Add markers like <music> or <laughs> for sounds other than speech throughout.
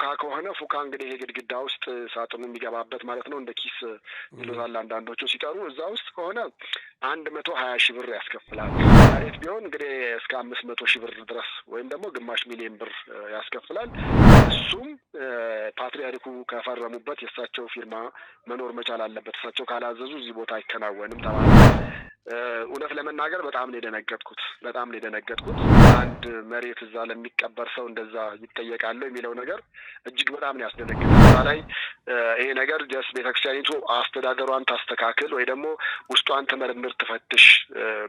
ፉካ ከሆነ ፉካ እንግዲህ ይሄ ግድግዳ ውስጥ ሳጥኑ የሚገባበት ማለት ነው። እንደ ኪስ ይሉታል አንዳንዶቹ ሲጠሩ። እዛ ውስጥ ከሆነ አንድ መቶ ሀያ ሺህ ብር ያስከፍላል። መሬት ቢሆን እንግዲህ እስከ አምስት መቶ ሺህ ብር ድረስ ወይም ደግሞ ግማሽ ሚሊዮን ብር ያስከፍላል። እሱም ፓትሪያርኩ ከፈረሙበት የእሳቸው ፊርማ መኖር መቻል አለበት። እሳቸው ካላዘዙ እዚህ ቦታ አይከናወንም ተባለ። እውነት ለመናገር በጣም ነው የደነገጥኩት። በጣም ነው የደነገጥኩት። አንድ መሬት እዛ ለሚቀበር ሰው እንደዛ ይጠየቃለሁ የሚለው ነገር እጅግ በጣም ነው ያስደነግጥ። እዛ ላይ ይሄ ነገር ጀስ ቤተክርስቲያኒቱ አስተዳደሯን ታስተካክል ወይ ደግሞ ውስጧን ትመርምር፣ ትፈትሽ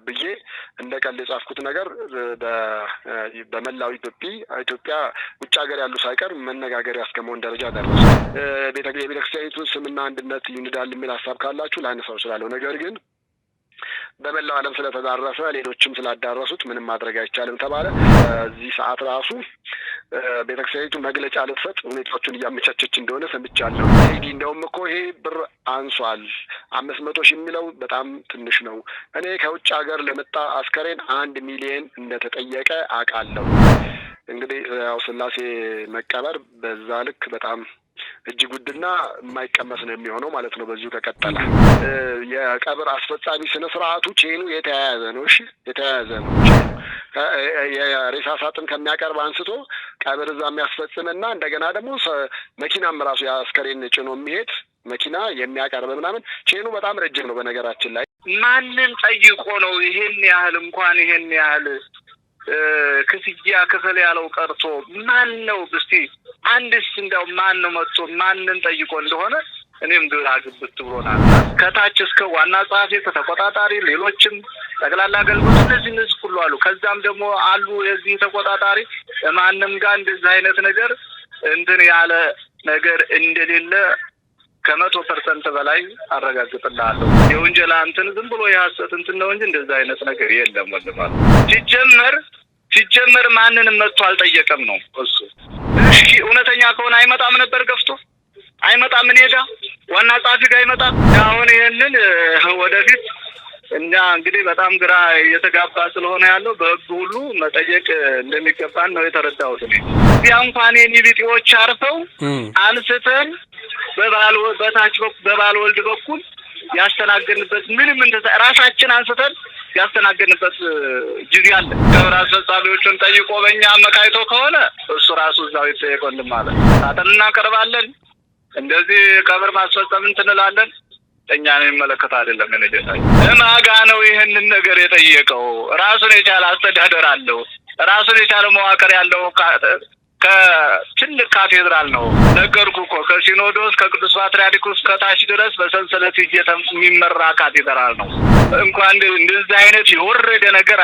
ብዬ እንደ ቀልድ የጻፍኩት ነገር በመላው ኢትዮጵያ ኢትዮጵያ ውጭ ሀገር ያሉ ሳይቀር መነጋገሪያ እስከመሆን ደረጃ ደረሰ። የቤተክርስቲያኒቱን ስምና አንድነት ይንዳል የሚል ሀሳብ ካላችሁ ላነሳው እችላለሁ ነገር ግን በመላው ዓለም ስለተዳረሰ ሌሎችም ስላዳረሱት ምንም ማድረግ አይቻልም ተባለ። በዚህ ሰዓት ራሱ ቤተክርስቲያኒቱ መግለጫ ልትሰጥ ሁኔታዎቹን እያመቻቸች እንደሆነ ሰምቻለሁ። ቴዲ እንደውም እኮ ይሄ ብር አንሷል፣ አምስት መቶ ሺህ የሚለው በጣም ትንሽ ነው። እኔ ከውጭ ሀገር ለመጣ አስከሬን አንድ ሚሊየን እንደተጠየቀ አውቃለሁ። እንግዲህ ያው ስላሴ መቀበር በዛ ልክ በጣም እጅግ ውድና የማይቀመስ ነው የሚሆነው ማለት ነው። በዚሁ ከቀጠለ የቀብር አስፈጻሚ ስነ ስርዓቱ ቼኑ የተያያዘ ነው። እሺ የተያያዘ ነው። የሬሳ ሳጥን ከሚያቀርብ አንስቶ ቀብር እዛ የሚያስፈጽምና እንደገና ደግሞ መኪናም ራሱ የአስከሬን ጭኖ የሚሄድ መኪና የሚያቀርብ ምናምን ቼኑ በጣም ረጅም ነው። በነገራችን ላይ ማንን ጠይቆ ነው ይሄን ያህል እንኳን ይሄን ያህል ክፍያ ክፍል ያለው ቀርቶ ማን ነው እስቲ አንድስ እንደው ማን ነው መጥቶ ማንን ጠይቆ እንደሆነ እኔም ግራ ግብት ብሎናል። ከታች እስከ ዋና ጸሐፊ ከተቆጣጣሪ ሌሎችም ጠቅላላ አገልግሎት እነዚህ እነዚህ ሁሉ አሉ። ከዛም ደግሞ አሉ የዚህ ተቆጣጣሪ ማንም ጋር እንደዚህ አይነት ነገር እንትን ያለ ነገር እንደሌለ ከመቶ ፐርሰንት በላይ አረጋግጥልሃለሁ። የወንጀላ እንትን ዝም ብሎ የሀሰት እንትን ነው እንጂ እንደዚህ አይነት ነገር የለም ወንድማ ሲጀመር ሲጀመር ማንንም መጥቶ አልጠየቀም ነው እሱ። እሺ እውነተኛ ከሆነ አይመጣም ነበር ገፍቶ አይመጣም፣ እኔ ጋ ዋና ጸሐፊ ጋ አይመጣም። አሁን ይህንን ወደፊት እኛ እንግዲህ በጣም ግራ እየተጋባ ስለሆነ ያለው በህግ ሁሉ መጠየቅ እንደሚገባን ነው የተረዳሁት። እዚያ እንኳን አርፈው አንስተን በባል በታች በባል ወልድ በኩል ያስተናገድንበት ምንም እንደ ራሳችን አንስተን ያስተናገድንበት ጊዜ አለ። ገብረ አስፈጻሚዎቹን ጠይቆ በእኛ አመካይቶ ከሆነ እሱ ራሱ እዛው ይጠየቆልን ማለት ሳጥን እናቀርባለን። እንደዚህ ቀብር ማስፈጸም እንትንላለን። እኛ ነው የሚመለከት አይደለም። ለነጀታ ማጋ ነው ይህንን ነገር የጠየቀው። ራሱን የቻለ አስተዳደር አለው። ራሱን የቻለ መዋቅር ያለው ከትልቅ ካቴድራል ነው ነገርኩ እኮ ከሲኖዶስ ከቅዱስ ፓትርያርኩ እስከታች ድረስ በሰንሰለት የሚመራ ካቴድራል ነው። እንኳን እንደዚህ አይነት የወረደ ነገር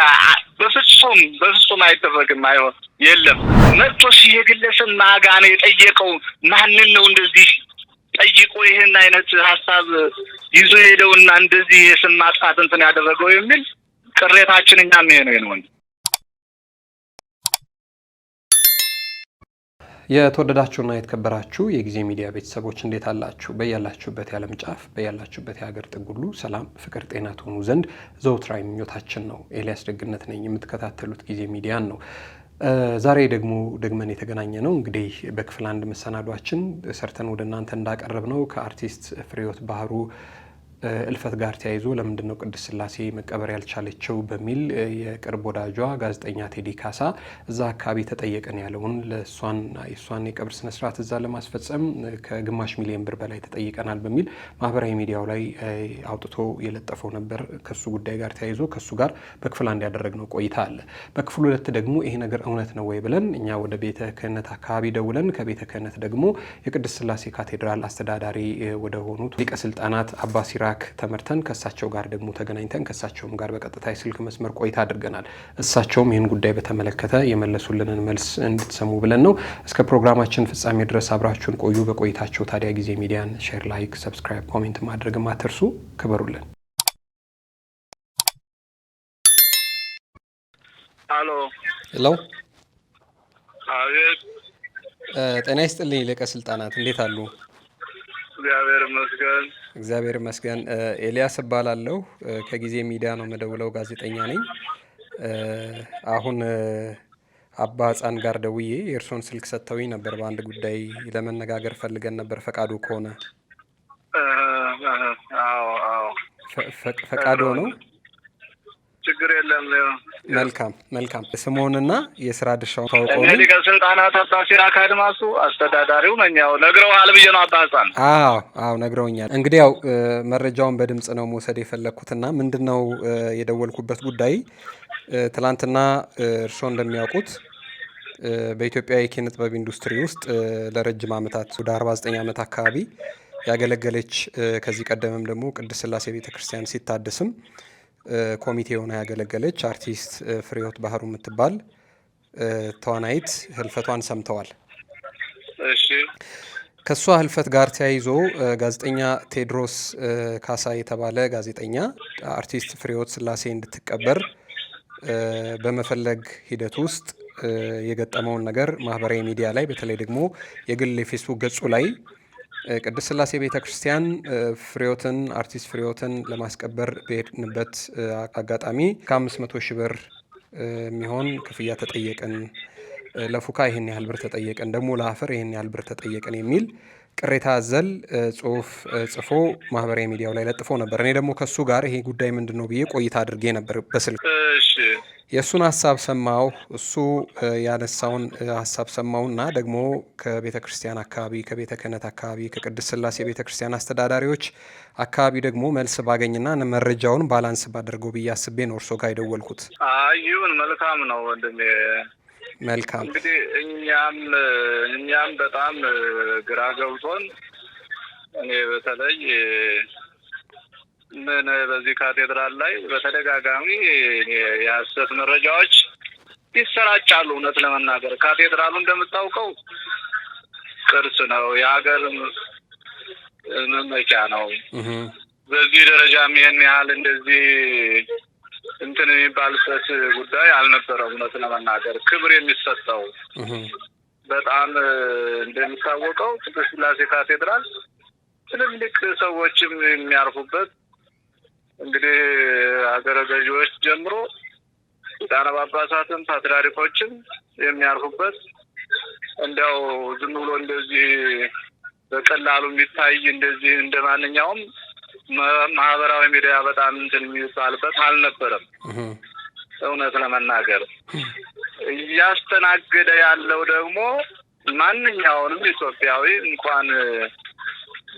በፍጹም በፍጹም አይደረግም። አይሆን የለም መጥቶ የግለሰብ ማጋነ የጠየቀው ማንን ነው እንደዚህ ጠይቆ ይህን አይነት ሀሳብ ይዞ ሄደውና እንደዚህ የስም ማጥፋት እንትን ያደረገው የሚል ቅሬታችን እኛም ይሄ ነው። የተወደዳችሁና የተከበራችሁ የጊዜ ሚዲያ ቤተሰቦች እንዴት አላችሁ? በያላችሁበት የዓለም ጫፍ በያላችሁበት የሀገር ጥግ ሁሉ ሰላም፣ ፍቅር፣ ጤና ትሆኑ ዘንድ ዘወትራዊ ምኞታችን ነው። ኤልያስ ደግነት ነኝ። የምትከታተሉት ጊዜ ሚዲያን ነው። ዛሬ ደግሞ ደግመን የተገናኘ ነው እንግዲህ በክፍል አንድ መሰናዷችን ሰርተን ወደ እናንተ እንዳቀረብ ነው ከአርቲስት ፍሬህይወት ባህሩ እልፈት ጋር ተያይዞ ለምንድን ነው ቅድስት ስላሴ መቀበር ያልቻለችው በሚል የቅርብ ወዳጇ ጋዜጠኛ ቴዲ ካሳ እዛ አካባቢ ተጠየቀን ያለውን ለእሷን የእሷን የቀብር ስነስርዓት እዛ ለማስፈጸም ከግማሽ ሚሊዮን ብር በላይ ተጠይቀናል በሚል ማህበራዊ ሚዲያው ላይ አውጥቶ የለጠፈው ነበር። ከሱ ጉዳይ ጋር ተያይዞ ከሱ ጋር በክፍል አንድ ያደረግነው ቆይታ አለ። በክፍል ሁለት ደግሞ ይሄ ነገር እውነት ነው ወይ ብለን እኛ ወደ ቤተ ክህነት አካባቢ ደውለን ከቤተ ክህነት ደግሞ የቅድስት ስላሴ ካቴድራል አስተዳዳሪ ወደሆኑት ሊቀ ስልጣናት ኢራክ ተመርተን ከእሳቸው ጋር ደግሞ ተገናኝተን ከእሳቸውም ጋር በቀጥታ የስልክ መስመር ቆይታ አድርገናል። እሳቸውም ይህን ጉዳይ በተመለከተ የመለሱልንን መልስ እንድትሰሙ ብለን ነው። እስከ ፕሮግራማችን ፍጻሜ ድረስ አብራችሁን ቆዩ። በቆይታቸው ታዲያ ጊዜ ሚዲያን ሼር፣ ላይክ፣ ሰብስክራይብ፣ ኮሜንት ማድረግ አትርሱ። ክበሩልን። አሎ ሄሎ፣ ጤና ይስጥልኝ ሊቀ ስልጣናት እንዴት አሉ? እግዚአብሔር ይመስገን። እግዚአብሔር ይመስገን። ኤልያስ እባላለሁ። ከጊዜ ሚዲያ ነው መደውለው ጋዜጠኛ ነኝ። አሁን አባ ህፃን ጋር ደውዬ የእርሶን ስልክ ሰጥተውኝ ነበር። በአንድ ጉዳይ ለመነጋገር ፈልገን ነበር። ፈቃዶ ከሆነ ፈቃዶ ነው ችግር የለም። መልካም መልካም። ስምዎንና የስራ ድርሻውን ታውቀ እኔ ሊቀ ስልጣናት አስተዳዳሪው ነኝ። ያው ነግረውሃል ብዬ ነው አባሳን። አዎ አዎ ነግረውኛል። እንግዲህ ያው መረጃውን በድምፅ ነው መውሰድ የፈለግኩትና ምንድን ነው የደወልኩበት ጉዳይ ትላንትና እርሶ እንደሚያውቁት በኢትዮጵያ የኪነ ጥበብ ኢንዱስትሪ ውስጥ ለረጅም ዓመታት ወደ 49 ዓመት አካባቢ ያገለገለች ከዚህ ቀደምም ደግሞ ቅድስት ስላሴ ቤተክርስቲያን ሲታደስም ኮሚቴ ሆና ያገለገለች አርቲስት ፍሬህይወት ባህሩ የምትባል ተዋናይት ህልፈቷን ሰምተዋል። ከእሷ ህልፈት ጋር ተያይዞ ጋዜጠኛ ቴዎድሮስ ካሳ የተባለ ጋዜጠኛ አርቲስት ፍሬህይወት ስላሴ እንድትቀበር በመፈለግ ሂደት ውስጥ የገጠመውን ነገር ማህበራዊ ሚዲያ ላይ በተለይ ደግሞ የግል የፌስቡክ ገጹ ላይ ቅድስት ስላሴ ቤተ ክርስቲያን ፍሬዎትን አርቲስት ፍሬዎትን ለማስቀበር በሄድንበት አጋጣሚ ከአምስት መቶ ሺህ ብር የሚሆን ክፍያ ተጠየቅን። ለፉካ ይህን ያህል ብር ተጠየቅን፣ ደግሞ ለአፈር ይህን ያህል ብር ተጠየቅን የሚል ቅሬታ አዘል ጽሁፍ ጽፎ ማህበራዊ ሚዲያው ላይ ለጥፎ ነበር። እኔ ደግሞ ከሱ ጋር ይሄ ጉዳይ ምንድን ነው ብዬ ቆይታ አድርጌ ነበር በስልክ የእሱን ሀሳብ ሰማው። እሱ ያነሳውን ሀሳብ ሰማውና ደግሞ ከቤተ ክርስቲያን አካባቢ፣ ከቤተ ክህነት አካባቢ፣ ከቅድስት ስላሴ ቤተ ክርስቲያን አስተዳዳሪዎች አካባቢ ደግሞ መልስ ባገኝና መረጃውን ባላንስ ባደርገው ብዬ አስቤ ነው እርሶ ጋር የደወልኩት። አዩን መልካም ነው ወንድሜ። መልካም እንግዲህ እኛም እኛም በጣም ግራ ገብቶን እኔ በተለይ ምን በዚህ ካቴድራል ላይ በተደጋጋሚ የሀሰት መረጃዎች ይሰራጫሉ። እውነት ለመናገር ካቴድራሉ እንደምታውቀው ቅርስ ነው፣ የሀገር መመኪያ ነው። በዚህ ደረጃም ይህን ያህል እንደዚህ እንትን የሚባልበት ጉዳይ አልነበረም። እውነት ለመናገር ክብር የሚሰጠው በጣም እንደሚታወቀው ቅዱስ ሥላሴ ካቴድራል ትልልቅ ሰዎችም የሚያርፉበት እንግዲህ ሀገረ ገዢዎች ጀምሮ ሊቃነ ጳጳሳትም ፓትርያርኮችም የሚያርፉበት እንዲያው ዝም ብሎ እንደዚህ በቀላሉ የሚታይ እንደዚህ እንደ ማንኛውም ማህበራዊ ሚዲያ በጣም እንትን የሚባልበት አልነበረም። እውነት ለመናገር እያስተናገደ ያለው ደግሞ ማንኛውንም ኢትዮጵያዊ እንኳን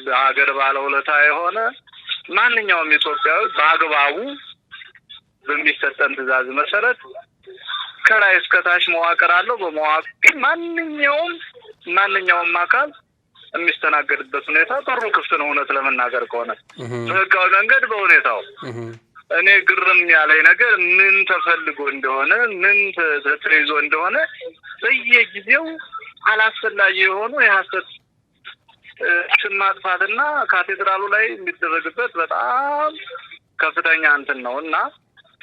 በሀገር ባለውለታ የሆነ ማንኛውም ኢትዮጵያዊ በአግባቡ በሚሰጠን ትዕዛዝ መሰረት ከላይ እስከታች መዋቅር አለው። በመዋቅር ማንኛውም ማንኛውም አካል የሚስተናገድበት ሁኔታ በሩ ክፍት ነው። እውነት ለመናገር ከሆነ በህጋዊ መንገድ በሁኔታው እኔ ግርም ያለኝ ነገር ምን ተፈልጎ እንደሆነ ምን ተይዞ እንደሆነ በየጊዜው አላስፈላጊ የሆኑ የሀሰት ስም ማጥፋትና ካቴድራሉ ላይ የሚደረግበት በጣም ከፍተኛ እንትን ነው እና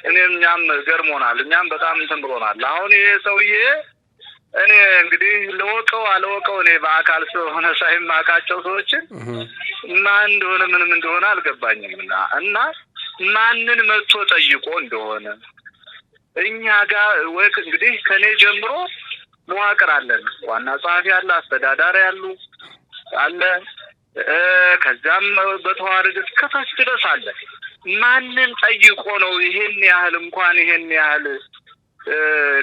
እኔም እኛም ገርሞናል። እኛም በጣም እንትን ብሎናል። አሁን ይሄ ሰውዬ እኔ እንግዲህ ለወቀው አለወቀው እኔ በአካል ስለሆነ ሳይማቃቸው ሰዎችን ማን እንደሆነ ምንም እንደሆነ አልገባኝም እና እና ማንን መጥቶ ጠይቆ እንደሆነ እኛ ጋር ወቅ እንግዲህ ከኔ ጀምሮ መዋቅር አለን። ዋና ጸሐፊ አለ፣ አስተዳዳሪ አሉ፣ አለ። ከዛም በተዋረድ እስከታች ድረስ አለ። ማንን ጠይቆ ነው ይሄን ያህል እንኳን ይሄን ያህል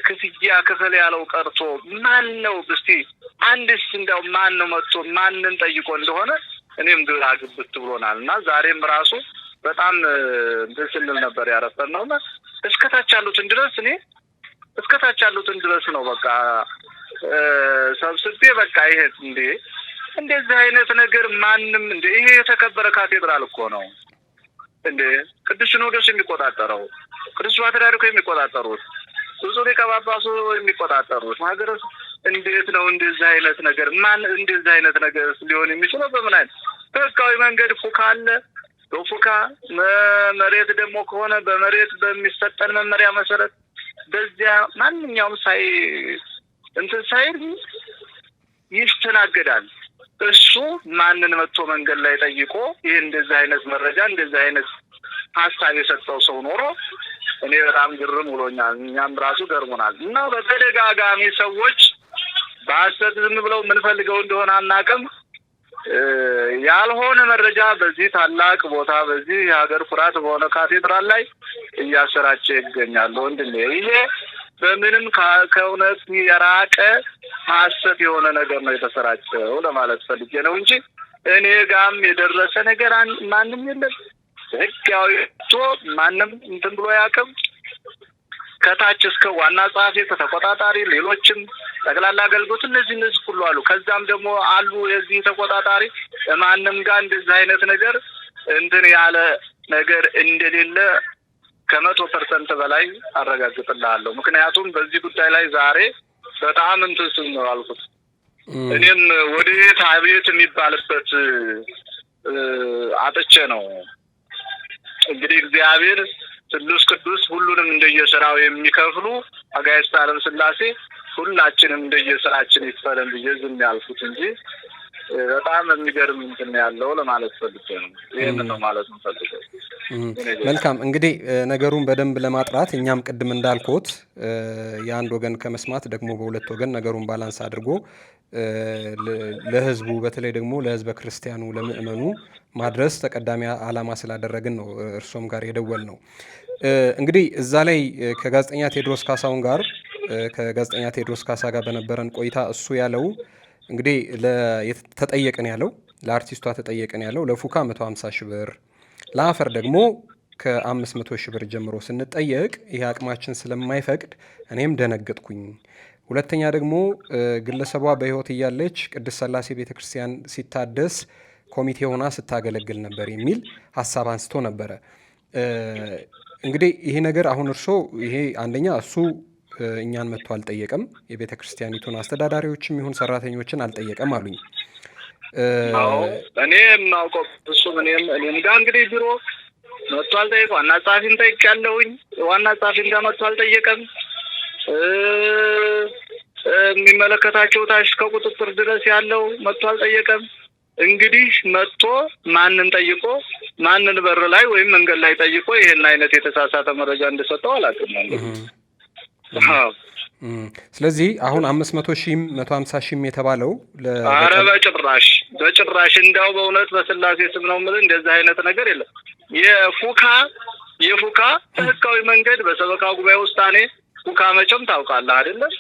ክፍያ ክፍል ያለው ቀርቶ ማን ነው እስቲ አንድስ እንዲያው ማን ነው መጥቶ ማንን ጠይቆ እንደሆነ እኔም ግራ ግብት ብሎናል። እና ዛሬም ራሱ በጣም እንትን ስንል ነበር ያረፈን ነው እና እስከታች ያሉትን ድረስ እኔ እስከታች ያሉትን ድረስ ነው በቃ ሰብስቤ በቃ ይሄ እንዴ እንደዚህ አይነት ነገር ማንም እንደ ይሄ የተከበረ ካቴድራል እኮ ነው እንደ ቅዱስ ሲኖዶስ የሚቆጣጠረው ቅዱስ ፓትርያርኩ የሚቆጣጠሩት ብዙ ሊቀ ጳጳሱ የሚቆጣጠሩት ሀገር እንዴት ነው እንደዚህ አይነት ነገር ማን እንደዚህ አይነት ነገር ሊሆን የሚችለው በምን አይነት በህጋዊ መንገድ ፉካ አለ በፉካ መሬት ደግሞ ከሆነ በመሬት በሚሰጠን መመሪያ መሰረት በዚያ ማንኛውም ሳይ እንትን ሳይል ይስተናገዳል እሱ ማንን መጥቶ መንገድ ላይ ጠይቆ ይህ እንደዚህ አይነት መረጃ እንደዚህ አይነት ሀሳብ የሰጠው ሰው ኖሮ እኔ በጣም ግርም ውሎኛል እኛም ራሱ ገርሞናል። እና በተደጋጋሚ ሰዎች በሀሰት ዝም ብለው የምንፈልገው እንደሆነ አናቅም ያልሆነ መረጃ በዚህ ታላቅ ቦታ በዚህ የሀገር ኩራት በሆነ ካቴድራል ላይ እያሰራጨ ይገኛሉ። ወንድሜ ይሄ በምንም ከእውነት የራቀ ሀሰት የሆነ ነገር ነው የተሰራጨው ለማለት ፈልጌ ነው እንጂ እኔ ጋም የደረሰ ነገር ማንም የለም። ህጋዊ ቶ ማንም እንትን ብሎ ያቅም ከታች እስከ ዋና ጸሐፊ ተቆጣጣሪ፣ ሌሎችም ጠቅላላ አገልግሎት እነዚህ እነዚህ ሁሉ አሉ። ከዛም ደግሞ አሉ የዚህ ተቆጣጣሪ ማንም ጋር እንደዚህ አይነት ነገር እንትን ያለ ነገር እንደሌለ ከመቶ ፐርሰንት በላይ አረጋግጥልሃለሁ። ምክንያቱም በዚህ ጉዳይ ላይ ዛሬ በጣም እንትስም ነው አልኩት። እኔም ወዴት አብየት የሚባልበት አጥቼ ነው እንግዲህ እግዚአብሔር ስሉስ ቅዱስ ሁሉንም እንደየስራው የሚከፍሉ አጋዕዝተ ዓለም ሥላሴ ሁላችንም እንደየስራችን ይክፈለን ብዬ ዝም ያልኩት እንጂ በጣም የሚገርም እንትን ያለው ለማለት ፈልጌ ነው። ይህን ነው ማለት ንፈልገው። መልካም እንግዲህ ነገሩን በደንብ ለማጥራት እኛም ቅድም እንዳልኩት የአንድ ወገን ከመስማት ደግሞ በሁለት ወገን ነገሩን ባላንስ አድርጎ ለህዝቡ በተለይ ደግሞ ለህዝበ ክርስቲያኑ ለምእመኑ ማድረስ ተቀዳሚ ዓላማ ስላደረግን ነው እርሶም ጋር የደወል ነው። እንግዲህ እዛ ላይ ከጋዜጠኛ ቴድሮስ ካሳውን ጋር ከጋዜጠኛ ቴድሮስ ካሳ ጋር በነበረን ቆይታ እሱ ያለው እንግዲህ ተጠየቅን ያለው ለአርቲስቷ ተጠየቅን ያለው ለፉካ 150 ሺህ ብር ለአፈር ደግሞ ከ500 ሺህ ብር ጀምሮ ስንጠየቅ ይህ አቅማችን ስለማይፈቅድ እኔም ደነገጥኩኝ። ሁለተኛ ደግሞ ግለሰቧ በህይወት እያለች ቅድስት ሥላሴ ቤተ ክርስቲያን ሲታደስ ኮሚቴ ሆና ስታገለግል ነበር የሚል ሀሳብ አንስቶ ነበረ። እንግዲህ ይሄ ነገር አሁን እርሶ ይሄ አንደኛ እሱ እኛን መጥቶ አልጠየቀም። የቤተ ክርስቲያኒቱን አስተዳዳሪዎችም ይሁን ሰራተኞችን አልጠየቀም አሉኝ። እኔ የማውቀው እሱም እኔም እኔም ጋር እንግዲህ ቢሮ መጥቶ አልጠየቀ። ዋና ጸሐፊን ያለውኝ ዋና ጸሐፊን ጋር መጥቶ አልጠየቀም። የሚመለከታቸው ታች ከቁጥጥር ድረስ ያለው መጥቶ አልጠየቀም። እንግዲህ መጥቶ ማንን ጠይቆ ማንን በር ላይ ወይም መንገድ ላይ ጠይቆ ይህን አይነት የተሳሳተ መረጃ እንደሰጠው አላውቅም። ስለዚህ አሁን አምስት መቶ ሺህም መቶ ሀምሳ ሺህም የተባለው አረ በጭራሽ በጭራሽ እንዳው በእውነት በስላሴ ስም ነው የምልህ እንደዚህ አይነት ነገር የለም። የፉካ የፉካ በህጋዊ መንገድ በሰበካ ጉባኤ ውስጥ ፉካ መቼም ታውቃለህ አይደለም?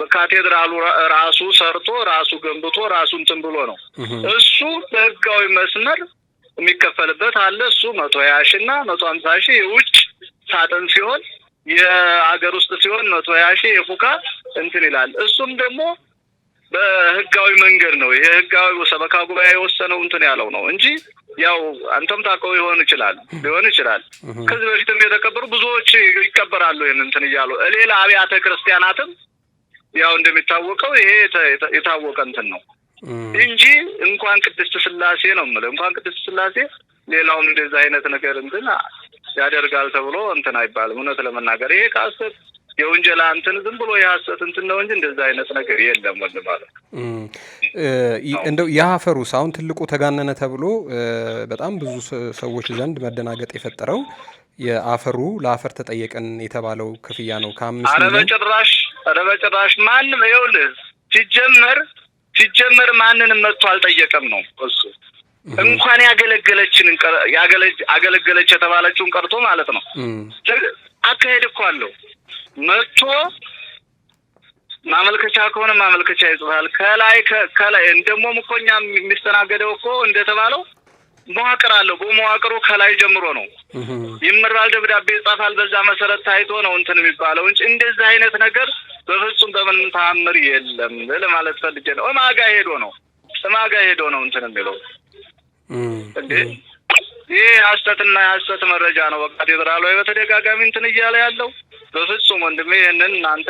በካቴድራሉ ራሱ ሰርቶ ራሱ ገንብቶ ራሱ እንትን ብሎ ነው እሱ በህጋዊ መስመር የሚከፈልበት አለ። እሱ መቶ ሀያ ሺህ እና መቶ ሀምሳ ሺህ የውጭ ሳጥን ሲሆን የአገር ውስጥ ሲሆን መቶ ሀያ ሺህ የፉካ እንትን ይላል። እሱም ደግሞ በህጋዊ መንገድ ነው። ይሄ ህጋዊ ሰበካ ጉባኤ የወሰነው እንትን ያለው ነው እንጂ ያው አንተም ታውቀው ይሆን ይችላል ሊሆን ይችላል። ከዚህ በፊትም የተቀበሩ ብዙዎች ይቀበራሉ። ይህን እንትን እያሉ ሌላ አብያተ ክርስቲያናትም ያው እንደሚታወቀው ይሄ የታወቀ እንትን ነው እንጂ እንኳን ቅድስት ስላሴ ነው የምልህ እንኳን ቅድስት ስላሴ ሌላውም እንደዚህ አይነት ነገር እንትን ያደርጋል ተብሎ እንትን አይባልም። እውነት ለመናገር ይሄ ከሀሰት የወንጀላ እንትን ዝም ብሎ የሀሰት እንትን ነው እንጂ እንደዚህ አይነት ነገር የለም። ወንድ ማለት እንደው የአፈሩ አሁን ትልቁ ተጋነነ ተብሎ በጣም ብዙ ሰዎች ዘንድ መደናገጥ የፈጠረው የአፈሩ ለአፈር ተጠየቀን የተባለው ክፍያ ነው። ከአምስት ኧረ በጭራሽ ኧረ በጭራሽ ማንም ይኸውልህ ሲጀመር ሲጀመር ማንንም መጥቶ አልጠየቀም ነው እሱ እንኳን ያገለገለችን ያገለገለች የተባለችውን ቀርቶ ማለት ነው። አካሄድ እኮ አለው። መጥቶ ማመልከቻ ከሆነ ማመልከቻ ይጽፋል። ከላይ ከላይ ደግሞ እኮኛ የሚስተናገደው እኮ እንደተባለው መዋቅር አለው። በመዋቅሩ ከላይ ጀምሮ ነው ይምራል፣ ደብዳቤ ይጻፋል። በዛ መሰረት ታይቶ ነው እንትን የሚባለው እንጂ እንደዚህ አይነት ነገር በፍጹም በምን ተአምር የለም ለማለት ፈልጌ ነው። እማጋ ሄዶ ነው እማጋ ሄዶ ነው እንትን የሚለው እንዴ ይህ ሀሰትና የሀሰት መረጃ ነው። በቃ ፌዴራሉ በተደጋጋሚ እንትን እያለ ያለው በፍጹም ወንድሜ፣ ይህንን እናንተ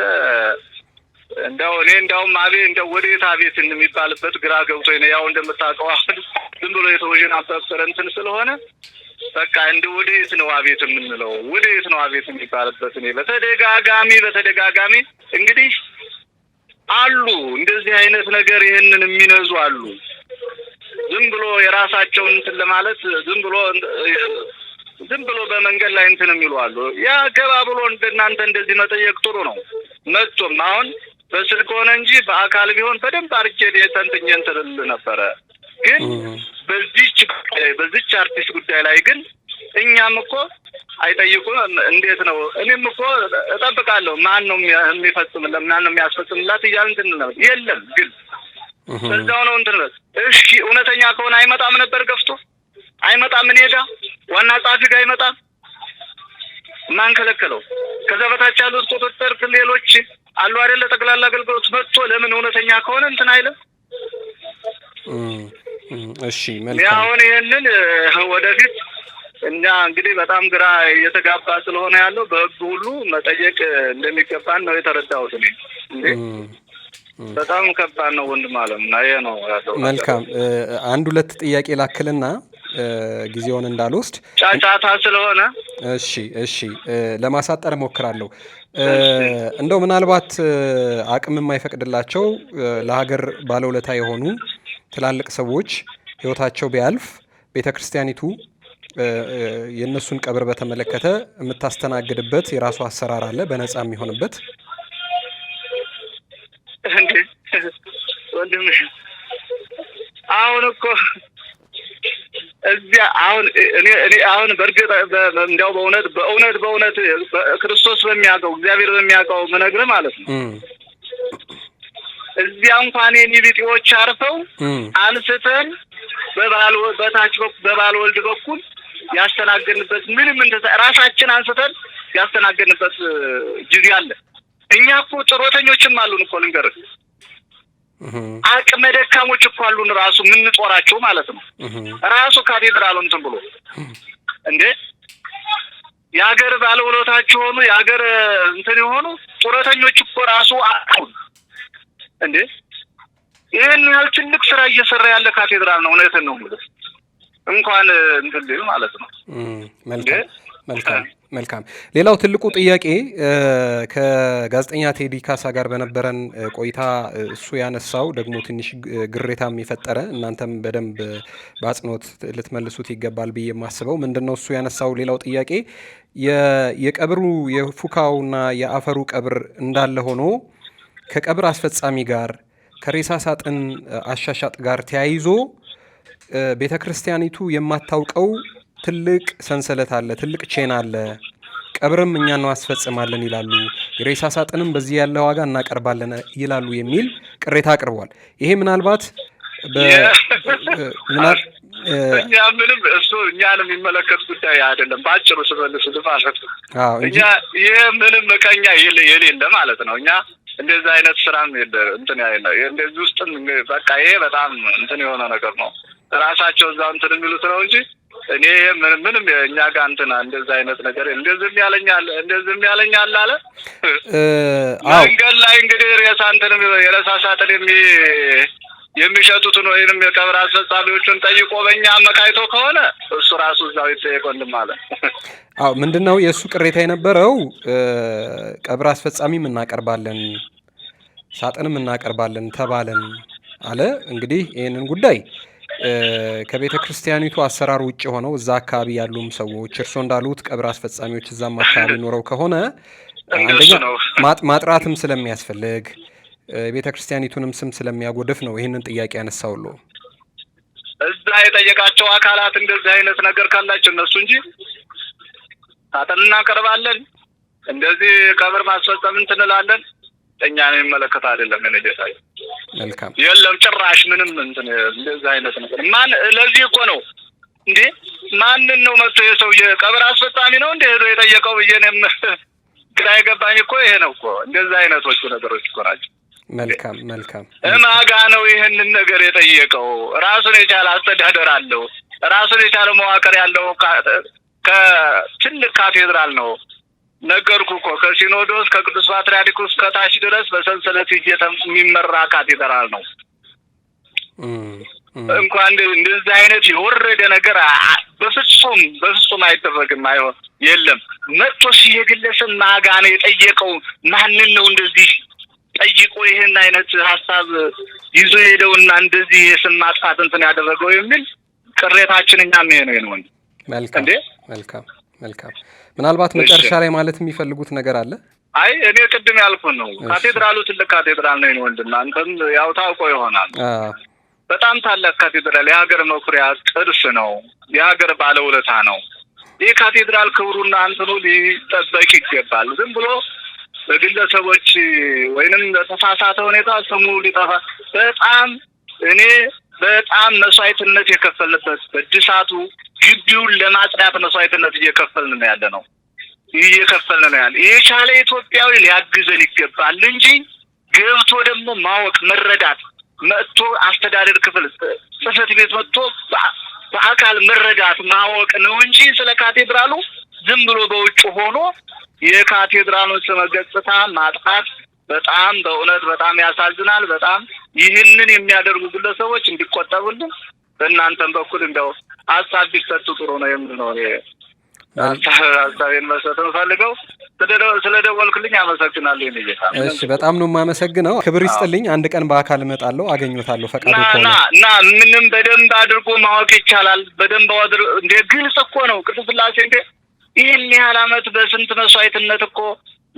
እንደው እኔ እንዲያውም አቤ እንደው ወዴት አቤት የሚባልበት ግራ ገብቶኝ ነው። ያው እንደምታውቀው አሁን ዝም ብሎ የተወዥን አሳሰረ እንትን ስለሆነ በቃ እንደ ወዴት ነው አቤት የምንለው? ወዴት ነው አቤት የሚባልበት? እኔ በተደጋጋሚ በተደጋጋሚ እንግዲህ አሉ እንደዚህ አይነት ነገር ይህንን የሚነዙ አሉ ዝም ብሎ የራሳቸው እንትን ለማለት ዝም ብሎ ዝም ብሎ በመንገድ ላይ እንትን የሚሉ አሉ። ያ ገባ ብሎ እናንተ እንደዚህ መጠየቅ ጥሩ ነው። መጡም አሁን በስልክ ሆነ እንጂ በአካል ቢሆን በደንብ አርጌ ተንትኜ እንትን ነበረ። ግን በዚች በዚች አርቲስት ጉዳይ ላይ ግን እኛም እኮ አይጠይቁም። እንዴት ነው? እኔም እኮ እጠብቃለሁ። ማን ነው የሚፈጽምለት? ማን ነው የሚያስፈጽምላት እያልን እንትን የለም ግን በዛው ነው እንትን እሺ። እውነተኛ ከሆነ አይመጣም ነበር ገፍቶ አይመጣም። እኔ ጋ ዋና ጸሐፊ ጋር አይመጣም። ማን ከለከለው? ከዛ በታች ያሉት ቁጥጥር ሌሎች አሉ አይደለ? ጠቅላላ አገልግሎት መጥቶ ለምን እውነተኛ ከሆነ እንትን አይለም። እሺ መልካም። አሁን ይህንን ወደፊት እኛ እንግዲህ በጣም ግራ እየተጋባ ስለሆነ ያለው በህግ ሁሉ መጠየቅ እንደሚገባን ነው የተረዳሁት እኔ በጣም ከባድ ነው ወንድም አለም ና ነው ያለው። መልካም አንድ ሁለት ጥያቄ ላክልና ጊዜውን እንዳልወስድ ጫጫታ ስለሆነ፣ እሺ እሺ፣ ለማሳጠር እሞክራለሁ። እንደው ምናልባት አቅም የማይፈቅድላቸው ለሀገር ባለውለታ የሆኑ ትላልቅ ሰዎች ህይወታቸው ቢያልፍ ቤተ ክርስቲያኒቱ የእነሱን ቀብር በተመለከተ የምታስተናግድበት የራሱ አሰራር አለ፣ በነጻ የሚሆንበት እንዴ ወንድም አሁን እኮ እዚያ አሁን እኔ እኔ አሁን በእርግጥ እንዲያው በእውነት በእውነት በእውነት ክርስቶስ በሚያውቀው እግዚአብሔር በሚያውቀው ምነግርህ ማለት ነው እዚያ እንኳን የኔ ቢጤዎች አርፈው አንስተን በባል በታች በባል ወልድ በኩል ያስተናገድንበት ምንም ራሳችን አንስተን ያስተናገድንበት ጊዜ አለ። እኛ እኮ ጡረተኞችም አሉን እኮ ልንገርህ፣ አቅመ ደካሞች እኮ አሉን ራሱ የምንጦራቸው ማለት ነው። ራሱ ካቴድራሉ እንትን ብሎ እንዴ የሀገር ባለውለታችሁ ሆኑ የሀገር እንትን የሆኑ ጡረተኞች እኮ ራሱ አሁን እንዴ ይህን ያህል ትልቅ ስራ እየሰራ ያለ ካቴድራል ነው። እውነትን ነው እንኳን እንትን ማለት ነው። መልካም መልካም መልካም። ሌላው ትልቁ ጥያቄ ከጋዜጠኛ ቴዲ ካሳ ጋር በነበረን ቆይታ እሱ ያነሳው ደግሞ ትንሽ ግሬታም የፈጠረ እናንተም በደንብ በአጽንኦት ልትመልሱት ይገባል ብዬ የማስበው ምንድን ነው እሱ ያነሳው ሌላው ጥያቄ የቀብሩ የፉካውና የአፈሩ ቀብር እንዳለ ሆኖ ከቀብር አስፈጻሚ ጋር ከሬሳ ሳጥን አሻሻጥ ጋር ተያይዞ ቤተ ክርስቲያኒቱ የማታውቀው ትልቅ ሰንሰለት አለ፣ ትልቅ ቼን አለ። ቀብርም እኛ አስፈጽማለን ይላሉ፣ የሬሳ ሳጥንም በዚህ ያለ ዋጋ እናቀርባለን ይላሉ የሚል ቅሬታ አቅርቧል። ይሄ ምናልባት እኛ ምንም እሱ እኛን የሚመለከት ጉዳይ አይደለም። በአጭሩ ስመልስልህ ማለት ነው እኛ ይህ ምንም መቀኛ የሌለ ማለት ነው እኛ እንደዚህ አይነት ስራም የለ እንትን እንደዚህ ውስጥም በቃ ይሄ በጣም እንትን የሆነ ነገር ነው። ራሳቸው እዛ እንትን የሚሉት ነው እንጂ እኔ ምንም እኛ ጋር እንትና እንደዛ አይነት ነገር እንደዚህም ያለኛል እንደዚህም ያለኛል አለ። መንገድ ላይ እንግዲህ ሬሳንትን የሬሳ ሳጥን የሚሸጡትን ወይንም የቀብር አስፈጻሚዎቹን ጠይቆ በእኛ አመካይቶ ከሆነ እሱ ራሱ እዛው ይጠየቆልም አለ። አዎ ምንድን ነው የእሱ ቅሬታ የነበረው ቀብር አስፈጻሚም እናቀርባለን፣ ሳጥንም እናቀርባለን ተባለን አለ። እንግዲህ ይህንን ጉዳይ ከቤተ ክርስቲያኒቱ አሰራር ውጭ ሆነው እዛ አካባቢ ያሉም ሰዎች እርስዎ እንዳሉት ቀብር አስፈጻሚዎች እዛም አካባቢ ኖረው ከሆነ አንደኛ ማጥራትም ስለሚያስፈልግ ቤተ ክርስቲያኒቱንም ስም ስለሚያጎድፍ ነው ይህንን ጥያቄ ያነሳውሎ። እዛ የጠየቃቸው አካላት እንደዚህ አይነት ነገር ካላቸው እነሱ እንጂ ሳጥን እናቀርባለን፣ እንደዚህ ቀብር ማስፈጸም እንትን ነው የሚመለከት አይደለም። እኔ መልካም የለም ጭራሽ ምንም እንትን እንደዚህ አይነት ነገር ማን ለዚህ እኮ ነው እንዴ ማንን ነው መጥቶ የሰው የቀብር አስፈጻሚ ነው እንደ ሄዶ የጠየቀው ብዬ እኔም <laughs> ግራ የገባኝ እኮ ይሄ ነው እኮ እንደዚህ አይነቶቹ ነገሮች እኮ ናቸው። መልካም መልካም እማጋ ነው ይህንን ነገር የጠየቀው? ራሱን የቻለ አስተዳደር አለው። ራሱን የቻለ መዋቅር ያለው ከትልቅ ካቴድራል ነው ነገርኩ እኮ ከሲኖዶስ ከቅዱስ ፓትርያርኩ እስከ ታች ድረስ በሰንሰለት የሚመራ ካቴድራል ነው። እንኳን እንደዚህ አይነት የወረደ ነገር በፍጹም በፍጹም አይደረግም። አይሆን የለም። መጥቶ የግለሰብ ማጋ ነው የጠየቀው። ማንን ነው እንደዚህ ጠይቆ ይህን አይነት ሀሳብ ይዞ ሄደውና እንደዚህ የስም ማጥፋት እንትን ያደረገው የሚል ቅሬታችን እኛም ይሄ ነው። መልካም መልካም መልካም ምናልባት መጨረሻ ላይ ማለት የሚፈልጉት ነገር አለ? አይ እኔ ቅድም ያልኩን ነው። ካቴድራሉ ትልቅ ካቴድራል ነው ወንድና አንተም ያው ታውቆ ይሆናል። በጣም ታላቅ ካቴድራል፣ የሀገር መኩሪያ ቅርስ ነው፣ የሀገር ባለውለታ ነው። ይህ ካቴድራል ክብሩና አንትኑ ሊጠበቅ ይገባል። ዝም ብሎ በግለሰቦች ወይንም በተሳሳተ ሁኔታ ስሙ ሊጠፋ በጣም እኔ በጣም መስዋዕትነት የከፈልንበት በእድሳቱ ግቢውን ለማጽዳት መስዋዕትነት እየከፈልን ነው ያለ ነው እየከፈልን ነው ያለ የቻለ ኢትዮጵያዊ ሊያግዘን ይገባል እንጂ ገብቶ ደግሞ ማወቅ መረዳት መጥቶ አስተዳደር ክፍል ጽህፈት ቤት መጥቶ በአካል መረዳት ማወቅ ነው እንጂ ስለ ካቴድራሉ ዝም ብሎ በውጭ ሆኖ የካቴድራሉን ስመ ገጽታ ማጥፋት በጣም በእውነት በጣም ያሳዝናል። በጣም ይህንን የሚያደርጉ ግለሰቦች እንዲቆጠቡልን በእናንተም በኩል እንደው ሀሳብ ቢሰጡ ጥሩ ነው የምል ነው ሀሳቤን መስጠት የምፈልገው። ስለደወልክልኝ አመሰግናለሁ። የሚጌታ እሺ፣ በጣም ነው የማመሰግነው። ክብር ይስጥልኝ። አንድ ቀን በአካል እመጣለሁ፣ አገኘታለሁ። ፈቃዱ ከሆነ ምንም በደንብ አድርጎ ማወቅ ይቻላል። በደንብ አድር እንደ ግልጽ እኮ ነው ቅዱስ ሥላሴ እንደ ይህን ያህል አመት በስንት መስዋዕትነት እኮ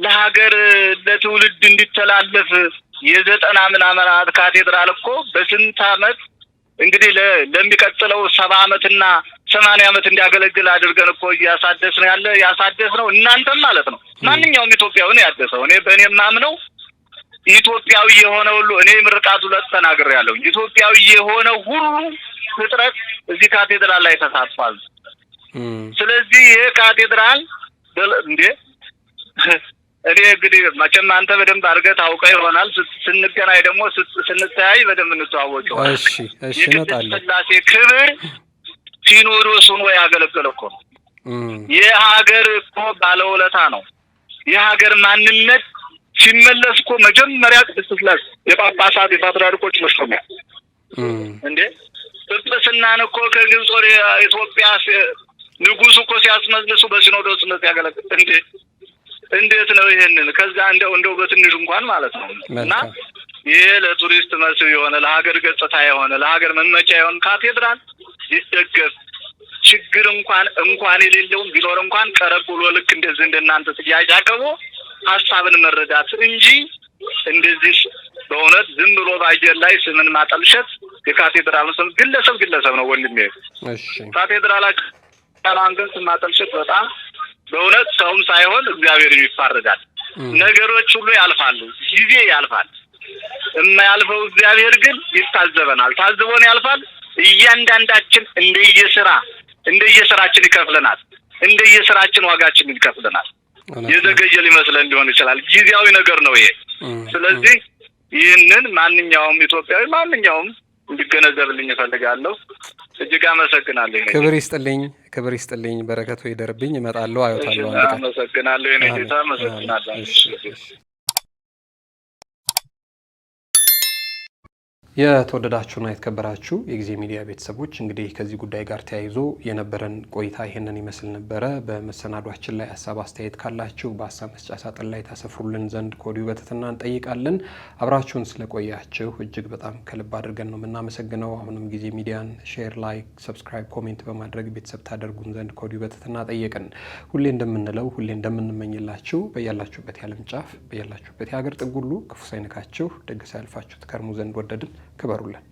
ለሀገር ለትውልድ እንዲተላለፍ የዘጠና ምናምን ዓመት ካቴድራል እኮ በስንት አመት እንግዲህ ለሚቀጥለው ሰባ ዓመትና ሰማንያ አመት እንዲያገለግል አድርገን እኮ እያሳደስ ነው ያለ ያሳደስ ነው እናንተም ማለት ነው። ማንኛውም ኢትዮጵያዊ ነው ያደሰው። እኔ በእኔ ማምነው ኢትዮጵያዊ የሆነ ሁሉ እኔ ምርቃቱ ለት ተናግር ያለው ኢትዮጵያዊ የሆነ ሁሉ ፍጥረት እዚህ ካቴድራል ላይ ተሳትፏል። ስለዚህ ይሄ ካቴድራል እንዴ እኔ እንግዲህ መቼም አንተ በደንብ አድርገህ ታውቀህ ይሆናል። ስንገናኝ ደግሞ ስንተያይ በደንብ እንተዋወቀው። እሺ፣ እሺ። እመጣለሁ። ስላሴ ክብር ሲኖዶስ ሆኖ ያገለገለ እኮ ነው። የሀገር እኮ ባለውለታ ነው። የሀገር ማንነት ሲመለስ እኮ መጀመሪያ ቅድስት ስላሴ የጳጳሳት የፓትርያርኮች መሾሚያ እንዴ ጵጵስናን እኮ ከግብፅ ወደ ኢትዮጵያ ንጉሱ እኮ ሲያስመልሱ በሲኖዶስነት ያገለግል እንዴ እንዴት ነው ይሄንን ከዛ እንደው እንደው በትንሹ እንኳን ማለት ነው እና ይሄ ለቱሪስት መስህብ የሆነ ለሀገር ገጽታ የሆነ ለሀገር መመቻ የሆነ ካቴድራል ይደገፍ። ችግር እንኳን እንኳን የሌለውም ቢኖር እንኳን ቀረብ ብሎ ልክ እንደዚህ እንደናንተ ጥያቄ አቅርቦ ሀሳብን መረዳት እንጂ እንደዚህ በእውነት ዝም ብሎ በአየር ላይ ስምን ማጠልሸት የካቴድራል ስም ግለሰብ ግለሰብ ነው ወንድሜ። ካቴድራላችን ግን ስም ማጠልሸት በጣም በእውነት ሰውም ሳይሆን እግዚአብሔርን ይፋረዳል። ነገሮች ሁሉ ያልፋሉ፣ ጊዜ ያልፋል። የማያልፈው እግዚአብሔር ግን ይታዘበናል፣ ታዝቦን ያልፋል። እያንዳንዳችን እንደየስራ እንደየስራችን ይከፍለናል፣ እንደየስራችን ዋጋችን ይከፍለናል። የዘገየ ሊመስለን ሊሆን ይችላል፣ ጊዜያዊ ነገር ነው ይሄ። ስለዚህ ይህንን ማንኛውም ኢትዮጵያዊ ማንኛውም እንዲገነዘብልኝ እፈልጋለሁ። እጅግ አመሰግናለሁ። ክብር ይስጥልኝ። ክብር ይስጥልኝ፣ በረከቱ ይደርብኝ። እመጣለሁ፣ አዩታለሁ። አመሰግናለሁ። ኔ ጌታ የተወደዳችሁና የተከበራችሁ የጊዜ ሚዲያ ቤተሰቦች እንግዲህ ከዚህ ጉዳይ ጋር ተያይዞ የነበረን ቆይታ ይህንን ይመስል ነበረ። በመሰናዷችን ላይ ሀሳብ አስተያየት ካላችሁ በሀሳብ መስጫ ሳጥን ላይ ታሰፍሩልን ዘንድ ከወዲሁ በትህትና እንጠይቃለን። አብራችሁን ስለቆያችሁ እጅግ በጣም ከልብ አድርገን ነው የምናመሰግነው። አሁንም ጊዜ ሚዲያን ሼር፣ ላይክ፣ ሰብስክራይብ፣ ኮሜንት በማድረግ ቤተሰብ ታደርጉን ዘንድ ከወዲሁ በትህትና ጠየቅን። ሁሌ እንደምንለው ሁሌ እንደምንመኝላችሁ በያላችሁበት የዓለም ጫፍ በያላችሁበት የሀገር ጥጉሉ ክፉ ሳይነካችሁ ደግ ሳያልፋችሁ ትከርሙ ዘንድ ወደድን። ክበሩልን።